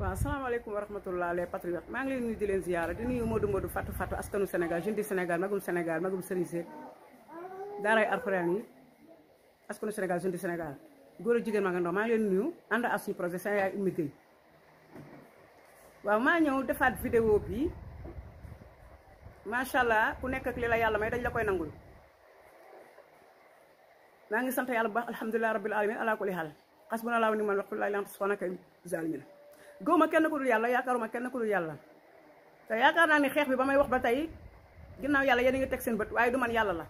waaw salaamaaleykum wa rahmatullah les patriotes maa ngi leen nuyu di leen ziyaara di nuyu Modou Modou Fatou Fatou askanu Sénégal jeune di Sénégal magum Sénégal magum Serigne Seck daaray yi askanu Sénégal jeune di Sénégal góor a jigéen ma nga ndaw maa ngi leen nuyu ànd ak suñu projet sa yaay Oumy Gueye waaw maa ñëw defaat vidéo bi macha allah ku nekk ak li la yàlla may dañ la koy nangul maa ngi sant yàlla bu baax alhamdulilah rabbil alamin ala kulli xaal xas gëwuma kenn ku dul yàlla yaakaaruma kenn ku dul yàlla te yaakaar naa ne xeex bi ba may wax ba tey ginnaaw yàlla yéen ngi teg seen bët waaye du man yàlla la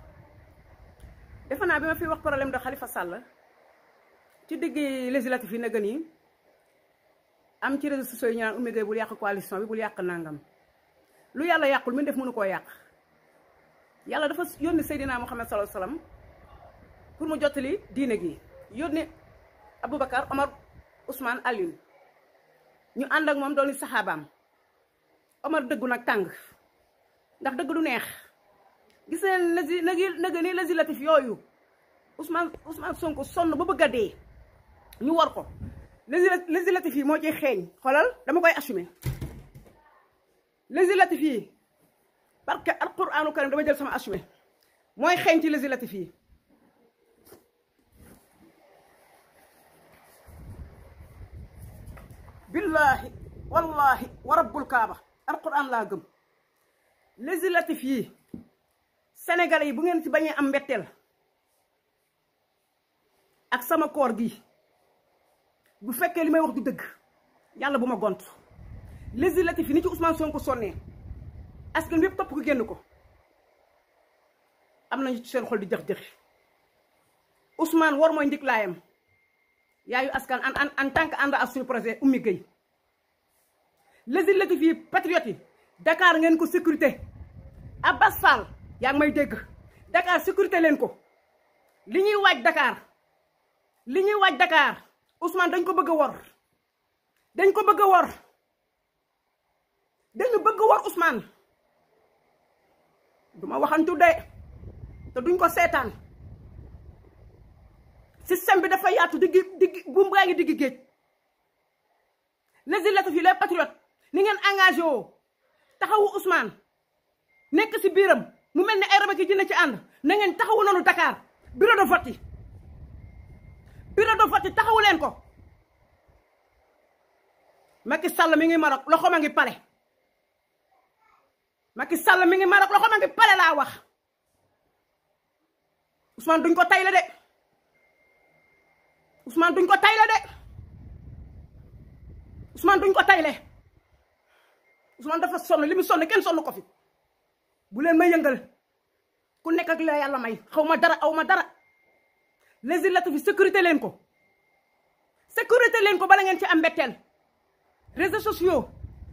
defe naa bi ma fiy wax problème de Khalifa Sall ci digg législatif yi na gën yi am ci réseaux sociaux yi ñu naan Oumy Gueye bul yàq coalition bi bul yàq nangam lu yàlla yàqul mu def mënu koo yàq yàlla dafa yónni Seydina Muhammad sallallahu alayhi wasallam pour mu jottali diine gi yónni Aboubacar Omar Ousmane Alioune ñu ànd ak moom doon saxaabaam Omar dëggu nag tàng ndax dëgg du neex gis nañ ne nag nag ni législatif yooyu Ousmane Ousmane Sonko sonn ba bëgg a dee ñu war ko législatif yi moo ciy xeeñ xoolal dama koy assumer législatif yi parce que alquranu karim dama jël sama assumer mooy xeeñ ci législatif yi billahi wallahi wa rabbul kaaba alquran laa gëm législatif yi sénégalais yi bu ngeen ci bañee am mbetteel ak sama koor gi bu fekkee li may wax du dëgg yàlla bu ma gont législatif yi ni ci Ousmane Sonko sonnee askan bi yëpp topp ko génn ko am nañu ci seen xol di jëx jëxi Ousmane war mooy njëg laayam yaayu askan an an tant que ànd ak suñu projet Oumy Gueye législatif yi patriote yi Dakar ngeen ko sécurité Abbas Fall yaa ngi may dégg Dakar sécurité leen ko li ñuy waaj Dakar li ñuy waaj Dakar Ousmane dañ ko bëgg a wor dañ ko bëgg a wor dañu bëgg a wor Ousmane du waxantu de te duñ ko seetaan système bi dafa yaatu diggi diggi buum baa ngi diggi géej législatif yi les patriotes ni ngeen engagé woo taxawu Ousmane nekk si biiram mu mel ni ay raba ki jënd ci ànd na ngeen taxawu noonu Dakar bureau de vote yi bureau de taxawu leen ko Macky Sall mi ngi Maroc loxoom a ngi pale Macky Sall mi ngi Maroc loxoom a ngi pale laa wax Ousmane duñ ko tayle de Ousmane duñ ko tayle de Ousmane duñ ko tayle Ousmane dafa sonn li mu sonn kenn sonn ko fi bu leen ma yëngal ku nekk ak la yàlla may xaw ma dara aw ma dara législative bi sécurité leen ko sécurité leen ko bala ngeen ci am mbetteel réseaux sociaux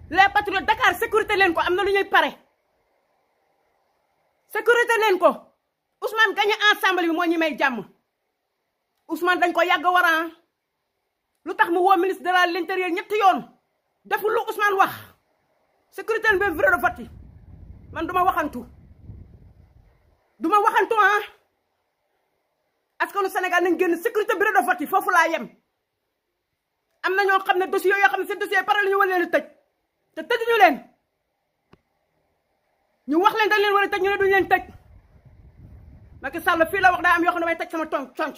le patriotes Dakar sécurité leen ko am na lu ñuy pare sécurité leen ko Ousmane gagné ensemble bi moo ñi may jàmm Ousmane dañ ko yàgg waraan lu tax mu woo ministre de l'intérieur ñetti yoon deful lu Ousmane wax sécurité bi bureau de man duma waxantu duma waxantu ah askanu Sénégal nañ génn sécurité bureau de vote foofu laa yem am na ñoo xam ne dossier yoo xam ne seen dossier pare la ñu leen tëj te tëjuñu leen ñu wax leen dañ leen war a tëj ñu ne duñu leen tëj Macky Sall fii la wax daa am yoo xam ne may tëj sama ton conc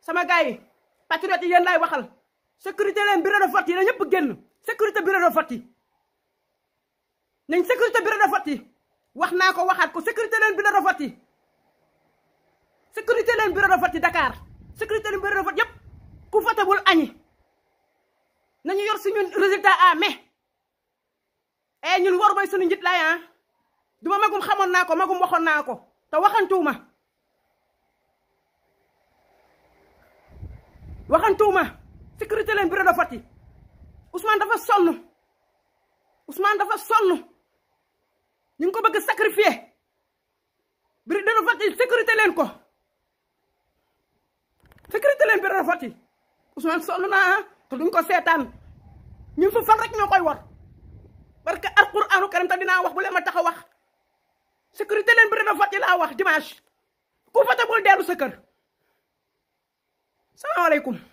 sama gars yi patriote yi yéen laay waxal sécurité leen bureau de vote yi na génn sécurité bureau de vote nañ sécurité bureau de vote wax naa ko waxaat ko sécurité leen bureau de vote yi sécurité leen bureau de vote yi Dakar sécurité leen bureau de vote yëpp ku voté bul añi nañu yor suñu résultat à mai e ñun war mooy suñu njit laay ah. duma magum xamoon naa ko magum waxoon naa ko te waxantuwuma waxantuuma sécurité leen bureau de vote yi Ousmane dafa sonn dafa sonn ñu ngi ko bëgg sacrifier bureau de vote yi sécurité leen ko sécurité leen bureau de vote yi naa ah, te duñ ko seetaan ñun fu fan rek ñoo koy war parce que alquranu karim te dinaa wax bu leen ma tax a wax sécurité leen bureau de vote yi dimanche ku voté bul dellu sa kër salaamaaleykum